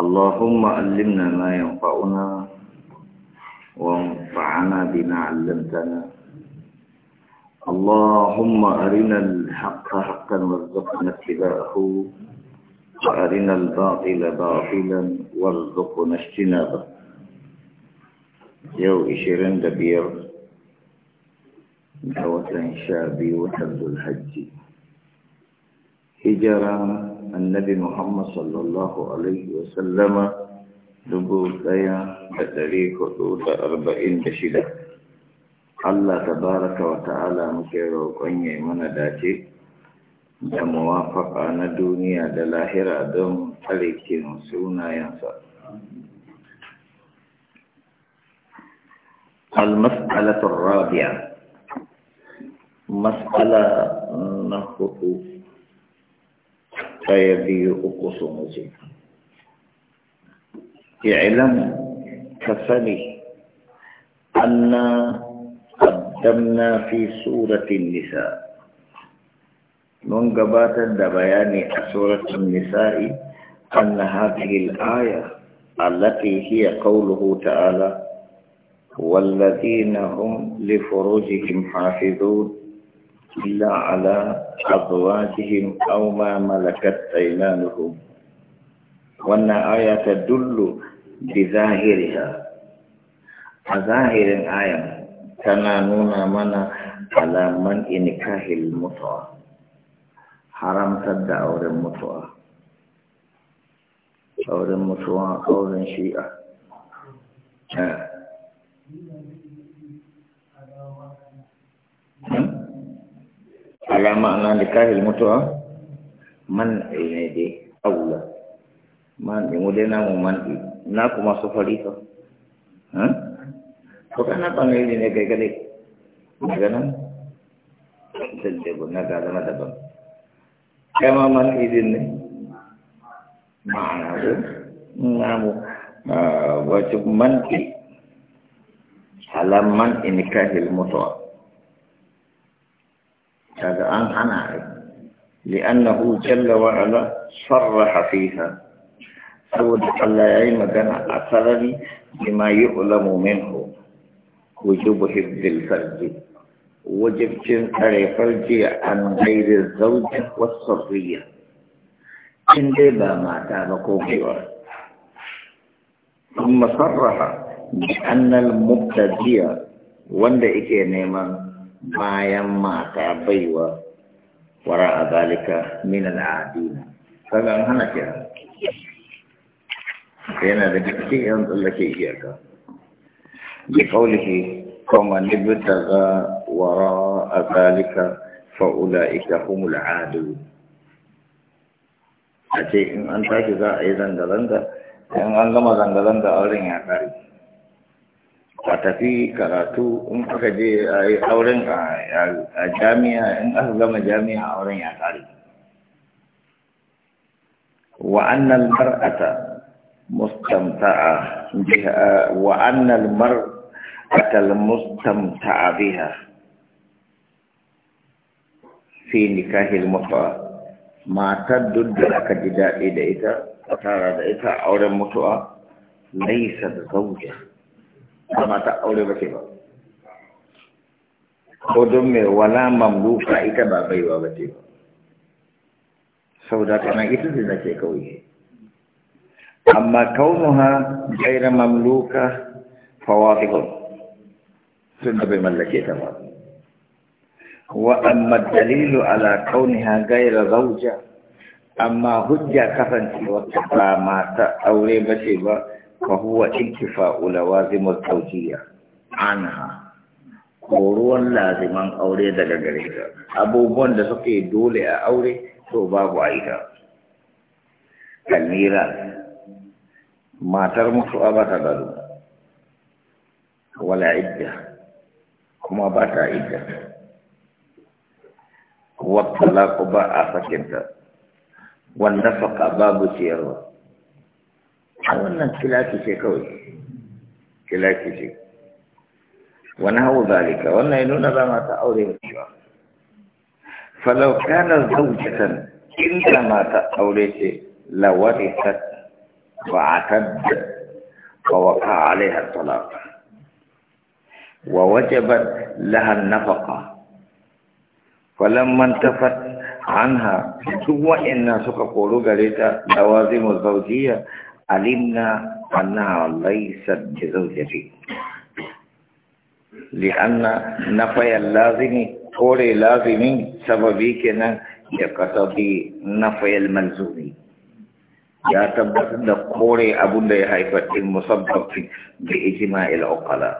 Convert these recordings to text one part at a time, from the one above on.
اللهم علمنا ما ينفعنا وانفعنا بما علمتنا اللهم أرنا الحق حقا وارزقنا اتباعه وأرنا الباطل باطلا وارزقنا اجتنابه يو إشيرين دبير دوة شابي وحد الحج هجران النبي محمد صلى الله عليه وسلم دبوت يا بدريك دوت أربعين بشدة الله تبارك وتعالى مكير وقيني من داتي دا موافق أنا دنيا دا لاهرة دوم حليكين ينسى المسألة الرابعة مسألة نخطوط ɗaya biyu uku su wuce i'lam kasani anna qaddamna fi suratin nisa mun gabatar da bayani a nisa'i anna hadhihi al-aya allati hiya qawluhu ta'ala والذين هم لفروجهم حافظون Illa Allah abuwa cikin aumar mallakar ta yi nanuhu. ayata tullu ta zahiri ha? A zahirin aya, tana nuna mana alaman ini kahilin mutuwa, haramsar da auren mutuwa, auren shi'a. ala makna nikahil mutu'ah man ilaydi awla man imude namu man na ku masu falito ha ko kana pangil ni kay kali magana sende bu naga dana dabam kama man idin ni ma'anadu namu ah, wajib man ki halaman ini kahil mutu'ah هذا أنا أنا لأنه جل وعلا صرح فيها أن الله يعلم كان أثرني بما يؤلم منه وجوب حفظ الفرج وجب تنقر فرج عن غير الزوجة والصرية إن لا ما تابقوا بيوه ثم صرح بأن المبتدئ wanda yake نيمان bayan mata baiwa wara a zalika min adina kaga an hana kira yana da gaske yan iya ka bi kaulihi kuma ni bitaga wara a zalika fa'ula ita humul adu a ce in an tashi za a yi zanga-zanga in an gama zanga-zanga wurin ya kare Ka tafi karatu in aka je a yi auren a jami'a in aka gama jami'a auren ya kare wa annal mar'ata mustamta'a biha wa annal mar'ata al mustamta'a biha fi nikahil mutuwa matar duk da aka ji daɗi da ita a tara da ita a auren mutuwa laisa da zaujiya ba aure ba ke ba ko don mai wala mamluka ita ba baiwa ba ce ba sau da kana ita ce na kawai amma kaunuha gaira mamluka fawafihun sun da bai mallake ta ba wa amma dalilu ala kauni ha gaira zauja amma hujja kasancewa ba mata aure ba ce ba فهو zimar لوازم An ha. koruwan laziman aure daga gare ta abubuwan da suke dole a aure to babu a ita kalmira matar mutuwa ba ta gado wala idda kuma ba ta idda wata ba a sakinta wanda faƙa babu ciyarwa حاولنا كلاكي شيء قوي كلاكي شيء ونهو ذلك ونهينونا بما تأوري شو فلو كان زوجة إلا ما تأوري شيء لورثت وعتد ووقع عليها الطلاق ووجبت لها النفقة فلما انتفت عنها سوى إن سوق قولوا قريتا لوازم الزوجية علمنا أنها ليست بزوجتي لأن نفي اللازم طول لازم سببي كنا يقتضي نفي الملزوم يا تبقى قول أبو دي هايفة المصبب بإجماع العقلاء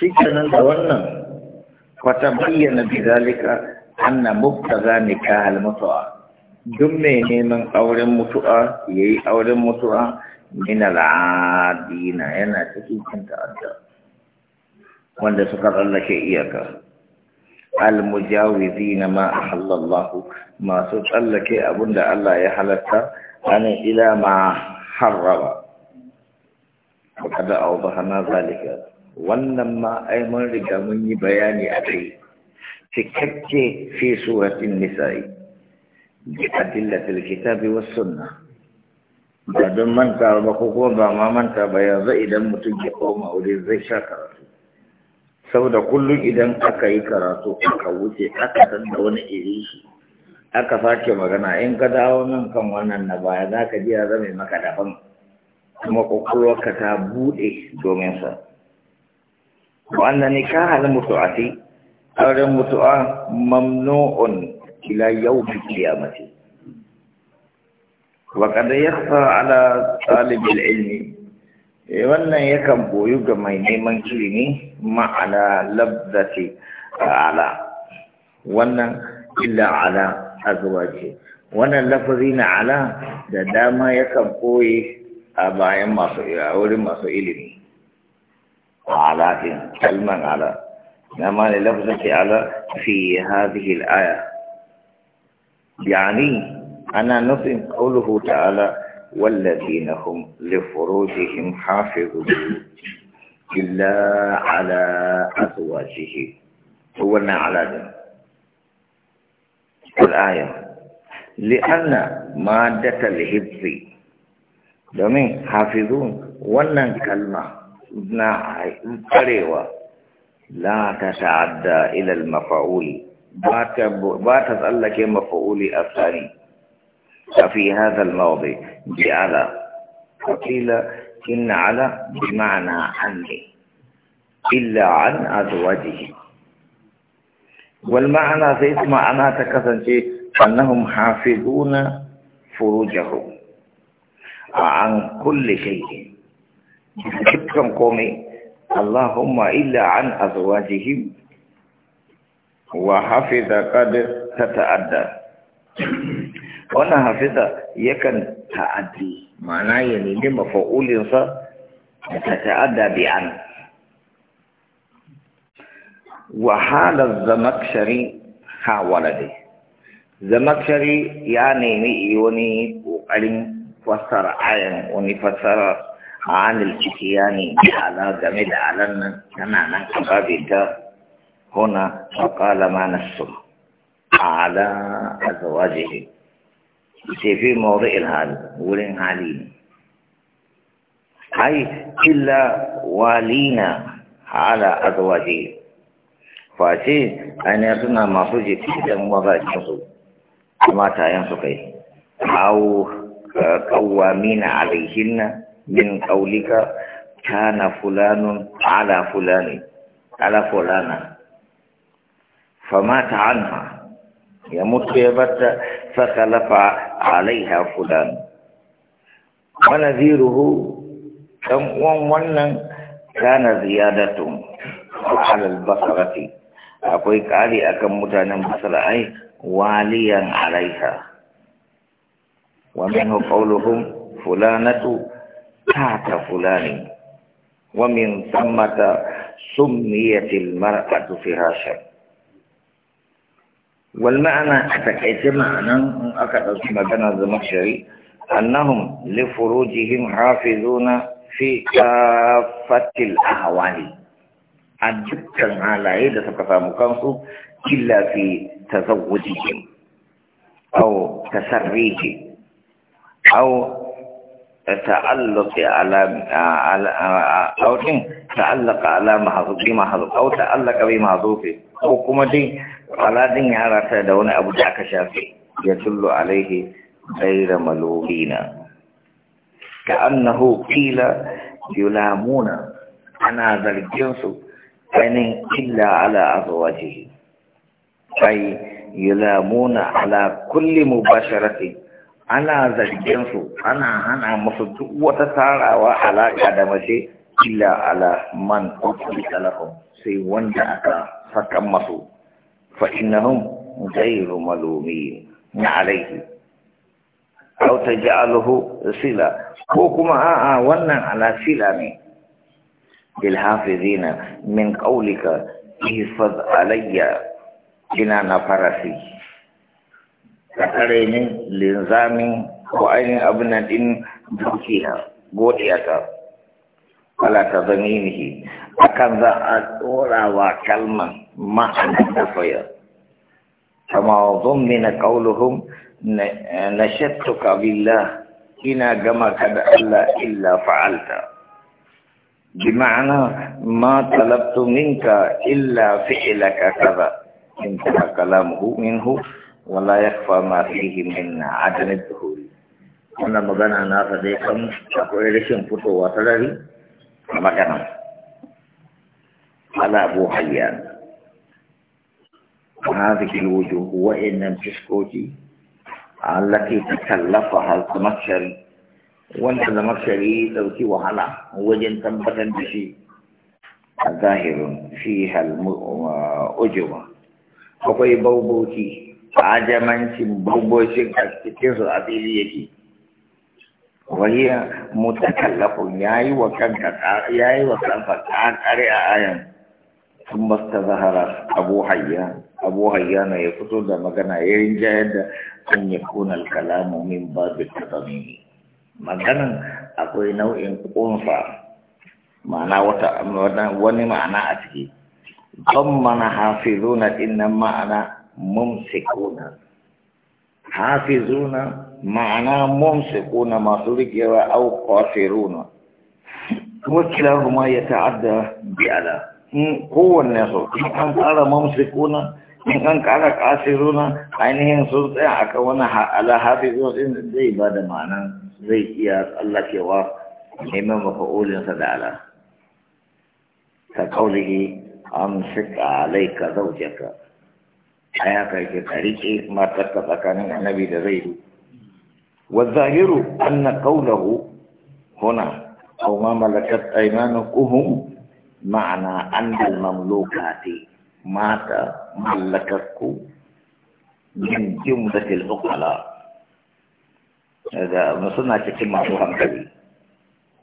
شكرا دورنا فتبين بذلك أن مبتغى نكاح المطاع duk mai neman auren mutu'a ya yi auren mutu'a min al'adina yana cikin cin ta'adda wanda suka tsallake iyaka almujawizi na ma masu tsallake abunda Allah ya halatta ana ila ma harraba kada hana zalika wannan ma ai mun riga mun yi bayani a kai cikakke fi suratin nisa'i بأدلة الكتاب والسنة بعدين من ba كوبا ما من تبايا زائدا متجي قوم zai زي شاكرا saboda kullu idan aka yi karatu aka wuce aka san da wani iri shi aka sake magana in ka dawo nan kan wannan na baya za ka ji ya zame maka daban kuma kwakwalwarka ta buɗe domin sa Wannan ne ka halin mutu'ati auren mutu'a mamnu'un إلى يوم القيامة وقد يخفى على طالب العلم وأن يكم بويوك ميني من كيني ما على لبدة على وأن إلا على أزواجه وأن لفظين على دام يكم بوي أبايا ما سئل أولي ما سئلني على كلمة على نما لفظة على في هذه الآية يعني أنا نظم قوله تعالى والذين هم لفروجهم حافظون إلا على أزواجه هو على الآية لأن مادة الحفظ دمين حافظون وانا كلمة ابن عائل لا تتعدى إلى المفعول بات تسألك مفعول الثاني ففي هذا الموضع جعل فقيل إن على بمعنى عني إلا عن أزواجه والمعنى سيسمى معنى تكسن أنهم حافظون فروجهم عن كل شيء شكرا قومي اللهم إلا عن أزواجهم wa hafiza kad ta ta'adda wannan hafiza yakan ta'addi ma'ana ya nemi mafa'ulinsa ta ta'adda bi an wa halar zamakshari ha walade zamakshari ya nemi wani ƙoƙarin fassara ayan wani fassara a anil ciki ya nemi ala game da alan nan tana nan a babinta هنا فقال ما نفسه على أزواجه في موضع الحال ولن علينا أي إلا والينا على أزواجه فأتي أن يصنع ما سوجي في وضع الشمس كما تينسقي إيه؟ أو قوامين عليهن من قولك كان فلان على فلان على فلانا فمات عنها يموت يبت فخلف عليها فلان ونذيره كم ومن كان زيادة على البصرة اقولك علي أكم متانا بصرة أي واليا عليها ومنه قولهم فلانة تحت فلان ومن ثمة سميت المرأة فراشا والمعنى أتكيتم أن أكدت مدن الزمخشري أنهم لفروجهم حافظون في كافة الأحوال أجبتم على عيدة كفامكانسو إلا في تزوجهم أو تسريجهم أو تعلق على أو تعلق على محظوظ بمحظوظ أو تعلق بمحظوظ أو كما دي على دين يارة دون أبو جاك شافي يدل عليه غير ملومين كأنه قيل يلامون أنا ذلك جنس أن إلا على أزواجه أي يلامون على كل مباشرة ana zargin su ana hana musu duk wata tarawa alaƙa da mace illa ala man qutila talahum sai wanda aka saka masu fa innahum ghayru malumin alaihi aw taj'aluhu sila ko kuma a'a wannan ala sila ne bil hafizina min qawlika ihfaz alayya ina na farasi tsakare linzami linzamin ko ainihin abin nan ɗin dukiya godiya ta ala ta zaminihi akan za a tsora wa kalman ma'anar da fayar kama zummi na kauluhum na billah ina gama ka da Allah illa fa'alta بمعنى ما طلبت منك إلا فعلك كذا انتهى كلامه منه ولا يخفى ما فيه من عدم الدخول أنا مغنى انا ديكم أقول لشم فتو وطلالي أما كان على أبو حيان هذه الوجوه وإن لم تسكوتي التي تكلفها المكشر وانت المكشر توتي وحلا وجن تنبتا بشي ظاهر فيها الأجوة وقوي بوبوتي ajamancin bugoshin a cikin su a fili yake wahiya mutakallafun yayi wa kanka yayi wa kanka kakare a ayan sun basta zahara abu hayya abu hayya na ya fito da magana ya rinjayar da an ya kuna alkalamu min babu tazamini Maganin akwai nau'in kunfa ma'ana wata wani ma'ana a ciki don mana hafi hafizuna dinnan ma'ana mumsikuna hafizuna ma'ana mumsikuna masu rikewa au qasiruna kuma ya ta'adda bi kowanne su, in an kara mumsikuna in an kara qasiruna ainihin sun a kan wani ala hafizuna din zai ba da ma'ana zai iya tsallakewa neman mafa'ulinsa da ala ka kaulihi amsik alayka zaujaka. aya kake tarike matar ta tsakanin annabi da zai yi wa zahiru anna qawluhu huna aw ma malakat aymanukum ma'ana annal mamlukati mata mallakakku min jumlati al-uqala da musuna cikin masu hankali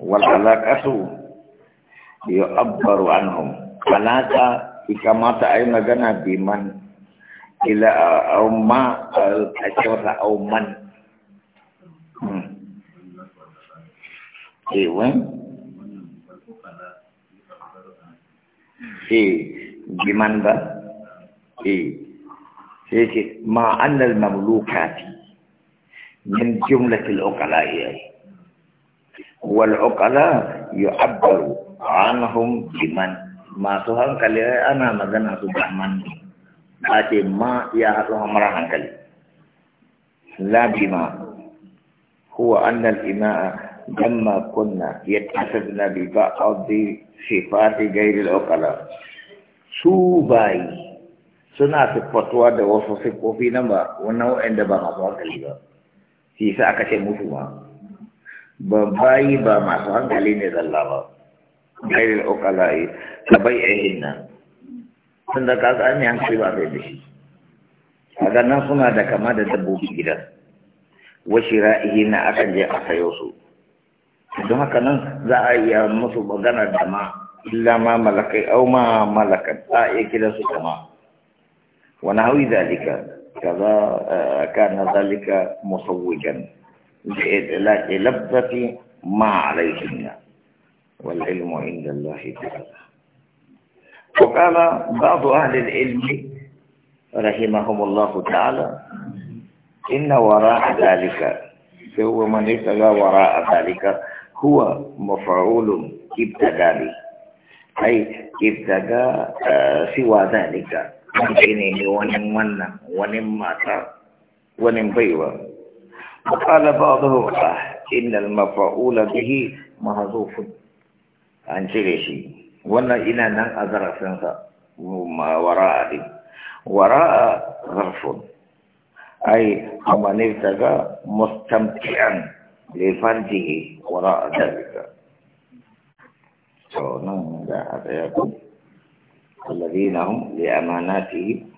wal alaqatu yu'abbaru anhum alaqa ikamata ay magana biman ila auma ma a cewa au man ewan e biman ba e sai ce ma annal mamlukati min jumlatil uqala yayi wal uqala yu'abbaru anhum biman masu hankali ana magana su da a ma ya haɗu mara hankali ma huwa annal ima'a lamma kunna yattasadna bi ba'dhi sifati ghairi al-uqala su bayi suna siffatuwa da wasu siffofi nan ba wannan wa'anda ba masu hankali ba shi sa aka ce musu ma ba bayi ba masu hankali ne zalla ba ghairi al-uqala bai bai'ihin nan tunda kaga an yi hankali ba zai da shi kaga nan suna da kama da dabbobi gidan wa shira'ihi na akan je a sayo su don haka nan za a iya musu magana da ma illa ma malakai au ma malakat a iya kira su kama wani hawi zalika kaza kana zalika musawwijan da idlaqi labzati ma alayhinna wal ilmu inda Allah ta'ala وقال بعض أهل العلم رحمهم الله تعالى إن وراء ذلك هو من ابتدى وراء ذلك هو مفعول ابتدى به أي ابتدى آه، سوى ذلك ممكن ونم ونم ونم ماتا ونم بيوة وقال بعضهم آه، إن المفعول به مهزوف عن شيء wannan ina nan a zarafinsa wara'a din wara'a zarfun ai amanin daga mustamti'an lefanti wara'a dalika so nan da a tsaya ku الذين هم لأماناتهم